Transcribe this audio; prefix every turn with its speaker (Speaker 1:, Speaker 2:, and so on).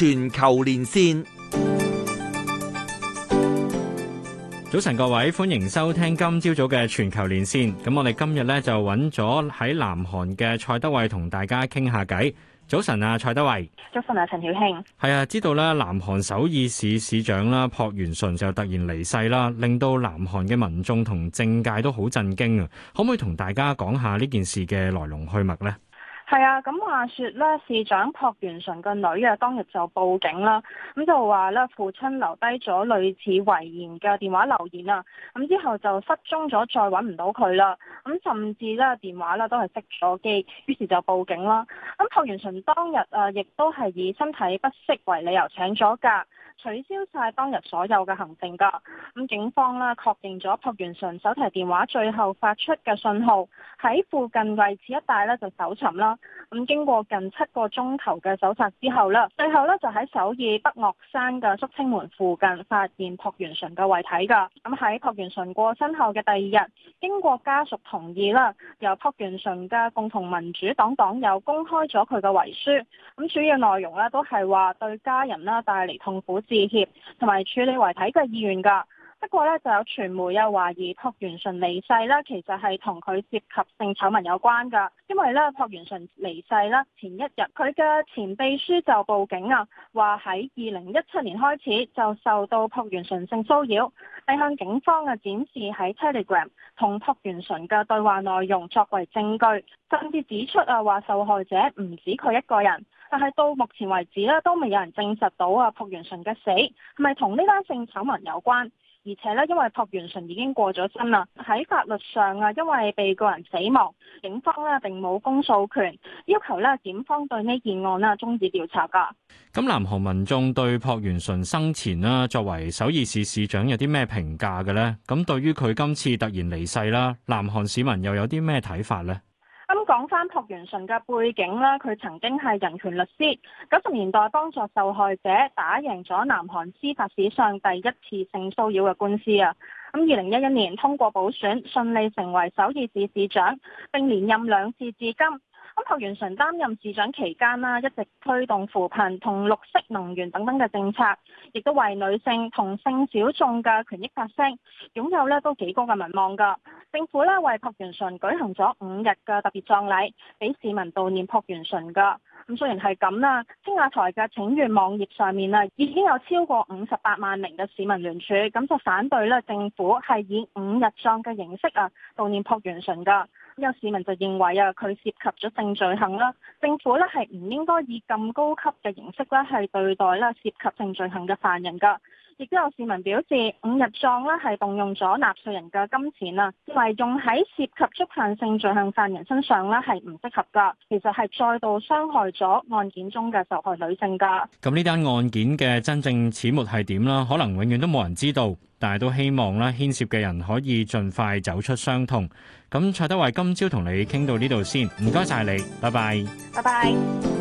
Speaker 1: 全球連線，早晨各位，歡迎收聽今朝早嘅全球連線。咁我哋今日呢就揾咗喺南韓嘅蔡德蕙同大家傾下偈。早晨啊，蔡德蕙，
Speaker 2: 早晨啊，陳曉
Speaker 1: 慶，係啊，知道啦南韓首爾市市長啦朴元淳就突然離世啦，令到南韓嘅民眾同政界都好震驚啊！可唔可以同大家講下呢件事嘅來龍去脈呢？
Speaker 2: 係啊，咁話說咧，市長朴元淳個女啊，當日就報警啦，咁就話咧父親留低咗類似遺言嘅電話留言啊，咁之後就失蹤咗，再揾唔到佢啦，咁甚至咧電話咧都係熄咗機，於是就報警啦。咁朴元淳當日啊，亦都係以身體不適為理由請咗假。取消晒當日所有嘅行程㗎，咁警方啦，確認咗朴元淳手提電話最後發出嘅信號喺附近位置一帶咧就搜尋啦。咁經過近七個鐘頭嘅搜查之後啦，最後呢就喺首爾北岳山嘅宿清門附近發現朴元淳嘅遺體噶。咁喺朴元淳過身後嘅第二日，經過家屬同意啦，由朴元淳嘅共同民主黨黨友公開咗佢嘅遺書。咁主要內容呢，都係話對家人啦帶嚟痛苦致歉，同埋處理遺體嘅意願噶。不過咧，就有傳媒又懷疑朴元淳離世啦，其實係同佢涉及性醜聞有關噶。因為咧，朴元淳離世啦前一日，佢嘅前秘書就報警啊，話喺二零一七年開始就受到朴元淳性騷擾，係向警方啊展示喺 Telegram 同朴元淳嘅對話內容作為證據，甚至指出啊話受害者唔止佢一個人。但係到目前為止咧，都未有人證實到啊朴元淳嘅死係咪同呢單性醜聞有關。而且呢，因為朴元淳已經過咗身啦，喺法律上啊，因為被告人死亡，警方呢並冇公訴權，要求呢檢方對呢件案呢終止調查噶。
Speaker 1: 咁南韓民眾對朴元淳生前啦，作為首爾市市長有啲咩評價嘅呢？咁對於佢今次突然離世啦，南韓市民又有啲咩睇法呢？
Speaker 2: 講翻朴元淳嘅背景啦，佢曾經係人權律師，九十年代幫助受害者打贏咗南韓司法史上第一次性騷擾嘅官司啊！咁二零一一年通過補選，順利成為首爾市市長，並連任兩次至今。咁朴元淳擔任市長期間啦，一直推動扶貧同綠色能源等等嘅政策，亦都為女性同性小眾嘅權益發聲，擁有呢都幾高嘅民望㗎。政府咧為朴元淳舉行咗五日嘅特別葬禮，俾市民悼念朴元淳噶。咁雖然係咁啦，青瓦台嘅請願網頁上面啊，已經有超過五十八萬名嘅市民聯署，咁就反對咧政府係以五日葬嘅形式啊悼念朴元淳噶。有市民就認為啊，佢涉及咗性罪行啦，政府咧係唔應該以咁高級嘅形式咧係對待咧涉及性罪行嘅犯人噶。亦都有市民表示，五日葬啦，係動用咗納稅人嘅金錢啊，因為用喺涉及觸犯性罪行犯人身上咧係唔適合噶，其實係再度傷害咗案件中嘅受害女性噶。
Speaker 1: 咁呢單案件嘅真正始末係點啦？可能永遠都冇人知道，但係都希望啦牽涉嘅人可以盡快走出傷痛。咁蔡德蕙今朝同你傾到呢度先，唔該晒你，拜拜，
Speaker 2: 拜拜。